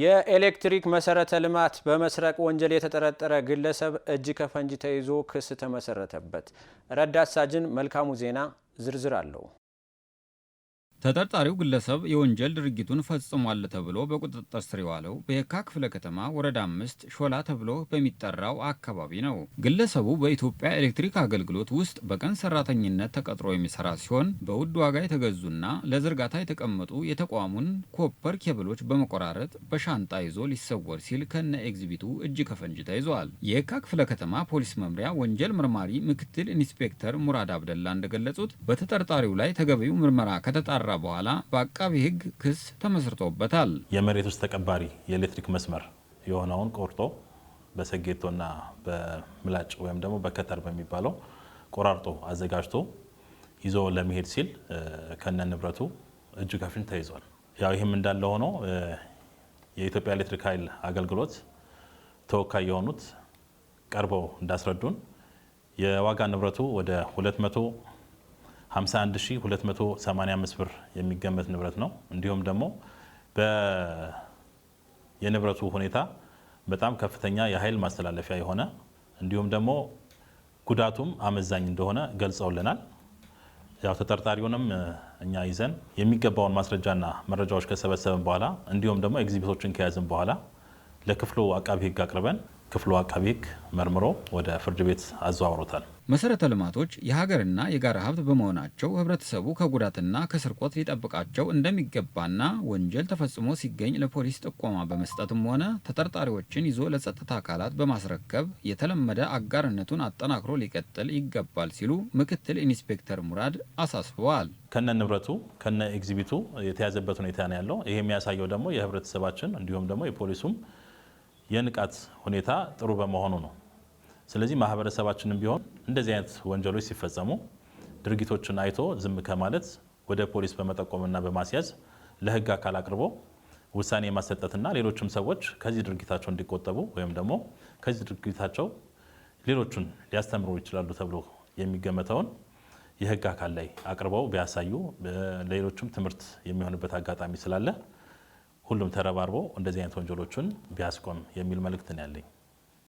የኤሌክትሪክ መሰረተ ልማት በመስረቅ ወንጀል የተጠረጠረ ግለሰብ እጅ ከፈንጅ ተይዞ ክስ ተመሰረተበት። ረዳት ሳጅን መልካሙ ዜና ዝርዝር አለው። ተጠርጣሪው ግለሰብ የወንጀል ድርጊቱን ፈጽሟል ተብሎ በቁጥጥር ስር የዋለው በየካ ክፍለ ከተማ ወረዳ አምስት ሾላ ተብሎ በሚጠራው አካባቢ ነው። ግለሰቡ በኢትዮጵያ ኤሌክትሪክ አገልግሎት ውስጥ በቀን ሰራተኝነት ተቀጥሮ የሚሰራ ሲሆን በውድ ዋጋ የተገዙና ለዝርጋታ የተቀመጡ የተቋሙን ኮፐር ኬብሎች በመቆራረጥ በሻንጣ ይዞ ሊሰወር ሲል ከነ ኤግዚቢቱ እጅ ከፈንጅ ተይዟል። የየካ ክፍለ ከተማ ፖሊስ መምሪያ ወንጀል መርማሪ ምክትል ኢንስፔክተር ሙራድ አብደላ እንደገለጹት በተጠርጣሪው ላይ ተገቢው ምርመራ ከተጣራ ከተጣራ በኋላ በአቃቢ ህግ ክስ ተመስርቶበታል። የመሬት ውስጥ ተቀባሪ የኤሌክትሪክ መስመር የሆነውን ቆርጦ በሰጌቶና በምላጭ ወይም ደግሞ በከተር በሚባለው ቆራርጦ አዘጋጅቶ ይዞ ለመሄድ ሲል ከነ ንብረቱ እጅ ከፍንጅ ተይዟል። ያው ይህም እንዳለ ሆኖ የኢትዮጵያ ኤሌክትሪክ ኃይል አገልግሎት ተወካይ የሆኑት ቀርበው እንዳስረዱን የዋጋ ንብረቱ ወደ 200 51285 ብር የሚገመት ንብረት ነው። እንዲሁም ደግሞ የንብረቱ ሁኔታ በጣም ከፍተኛ የኃይል ማስተላለፊያ የሆነ እንዲሁም ደግሞ ጉዳቱም አመዛኝ እንደሆነ ገልጸውልናል። ያው ተጠርጣሪውንም እኛ ይዘን የሚገባውን ማስረጃና መረጃዎች ከሰበሰብን በኋላ እንዲሁም ደግሞ ኤግዚቢቶችን ከያዝን በኋላ ለክፍሉ አቃቢ ሕግ አቅርበን ክፍሉ አቃቤ ሕግ መርምሮ ወደ ፍርድ ቤት አዘዋውሮታል። መሰረተ ልማቶች የሀገርና የጋራ ሀብት በመሆናቸው ህብረተሰቡ ከጉዳትና ከስርቆት ሊጠብቃቸው እንደሚገባና ወንጀል ተፈጽሞ ሲገኝ ለፖሊስ ጥቆማ በመስጠትም ሆነ ተጠርጣሪዎችን ይዞ ለጸጥታ አካላት በማስረከብ የተለመደ አጋርነቱን አጠናክሮ ሊቀጥል ይገባል ሲሉ ምክትል ኢንስፔክተር ሙራድ አሳስበዋል። ከነ ንብረቱ ከነ ኤግዚቢቱ የተያዘበት ሁኔታ ነው ያለው። ይህ የሚያሳየው ደግሞ የህብረተሰባችን እንዲሁም ደግሞ የፖሊሱም የንቃት ሁኔታ ጥሩ በመሆኑ ነው። ስለዚህ ማህበረሰባችንም ቢሆን እንደዚህ አይነት ወንጀሎች ሲፈጸሙ ድርጊቶችን አይቶ ዝም ከማለት ወደ ፖሊስ በመጠቆምና በማስያዝ ለህግ አካል አቅርቦ ውሳኔ የማሰጠትና ሌሎችም ሰዎች ከዚህ ድርጊታቸው እንዲቆጠቡ ወይም ደግሞ ከዚህ ድርጊታቸው ሌሎቹን ሊያስተምሩ ይችላሉ ተብሎ የሚገመተውን የህግ አካል ላይ አቅርበው ቢያሳዩ ለሌሎችም ትምህርት የሚሆንበት አጋጣሚ ስላለ ሁሉም ተረባርቦ እንደዚህ አይነት ወንጀሎችን ቢያስቆም የሚል ነው ያለኝ